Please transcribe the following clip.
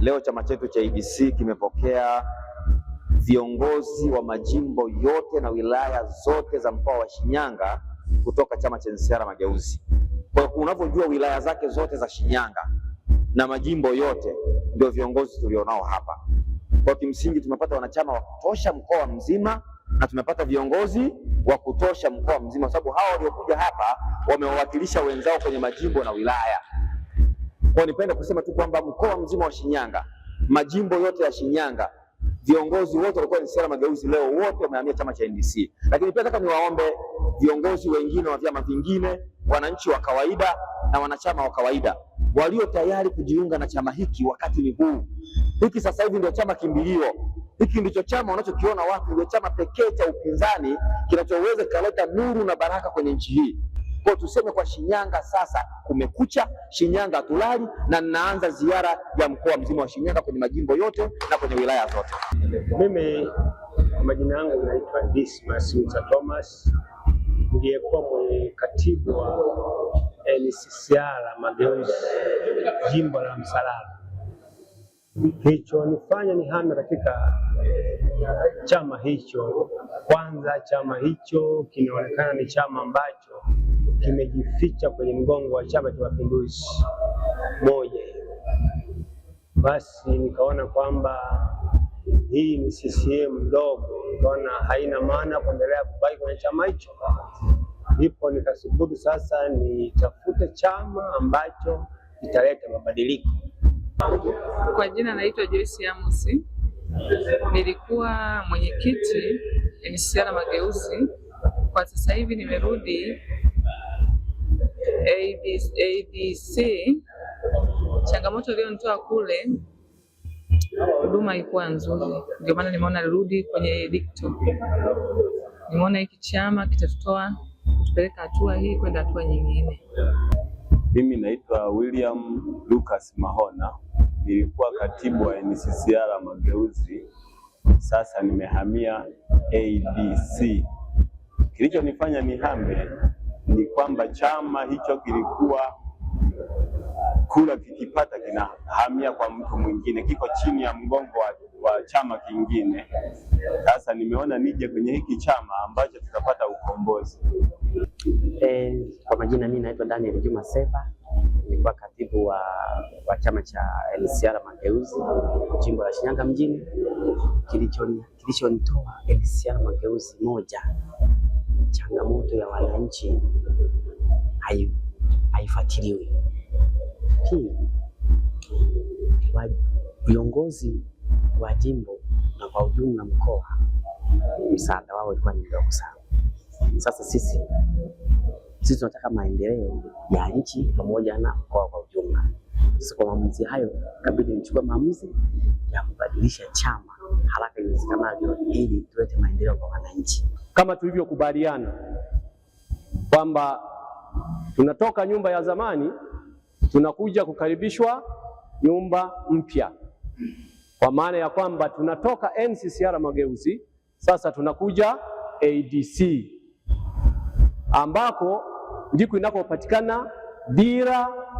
Leo chama chetu cha ABC e kimepokea viongozi wa majimbo yote na wilaya zote za mkoa wa Shinyanga kutoka chama cha NCCR Mageuzi. Kwa unavyojua wilaya zake zote za Shinyanga na majimbo yote ndio viongozi tulionao hapa. Kwa kimsingi tumepata wanachama wa kutosha mkoa mzima na tumepata viongozi wa kutosha mkoa mzima, kwa sababu hawa waliokuja hapa wamewawakilisha wenzao kwenye majimbo na wilaya. Kwa nipenda kusema tu kwamba mkoa mzima wa Shinyanga, majimbo yote ya Shinyanga, viongozi wote walikuwa ni sera mageuzi, leo wote wamehamia chama cha NDC. Lakini pia nataka niwaombe viongozi wengine wa vyama vingine, wananchi wa kawaida na wanachama wa kawaida walio tayari kujiunga na chama hiki wakati ni huu. Hiki sasa hivi ndio chama kimbilio, hiki ndicho chama wanachokiona watu, ndio chama pekee cha upinzani kinachoweza kikaleta nuru na baraka kwenye nchi hii. Kwa tuseme kwa Shinyanga sasa kumekucha, Shinyanga tulali na ninaanza ziara ya mkoa mzima wa Shinyanga kwenye majimbo yote na kwenye wilaya zote. Mimi majina yangu naitwa Dismas Msa Thomas, niliyekuwa mwenye katibu wa NCCR Mageuzi jimbo la Msalala. ni nihame katika chama hicho, kwanza chama hicho kinaonekana ni chama ambacho kimejificha kwenye mgongo wa Chama cha Mapinduzi moja. Basi nikaona kwamba hii ni CCM ndogo, nikaona haina maana kuendelea kubaki kwenye chama hicho, ndipo nikasubutu sasa nitafute chama ambacho kitaleta mabadiliko. Kwa jina naitwa Joyce Amos, nilikuwa mwenyekiti NCCR Mageuzi, kwa sasa hivi nimerudi ABC, Changamoto iliyonitoa kule, huduma haikuwa nzuri, ndio maana nimeona nirudi kwenye dikto. Nimeona hiki chama kitatutoa kutupeleka hatua hii kwenda hatua nyingine. Mimi naitwa William Lucas Mahona, nilikuwa katibu wa NCCR Mageuzi, sasa nimehamia ABC. Kilichonifanya nihame ni kwamba chama hicho kilikuwa kura kikipata kinahamia kwa mtu mwingine, kiko chini ya mgongo wa, wa chama kingine. Sasa nimeona nije kwenye hiki chama ambacho tutapata ukombozi. E, kwa majina mimi naitwa Daniel Juma Seba, nilikuwa katibu wa, wa chama cha NCR Mageuzi jimbo la Shinyanga mjini. Kilichonitoa kilicho NCR Mageuzi moja changamoto ya wananchi haifuatiliwi. Pili, viongozi wa jimbo na kwa ujumla mkoa, msaada wao ulikuwa ni mdogo sana. Sasa sisi sisi tunataka maendeleo ya nchi pamoja na mkoa kwa ujumla. Sasa kwa maamuzi hayo, kabidi nichukue maamuzi ya kubadilisha chama haraka iwezekanavyo ili tulete maendeleo kwa wananchi kama tulivyokubaliana kwamba tunatoka nyumba ya zamani tunakuja kukaribishwa nyumba mpya, kwa maana ya kwamba tunatoka NCCR Mageuzi, sasa tunakuja ADC ambako ndiko inakopatikana dira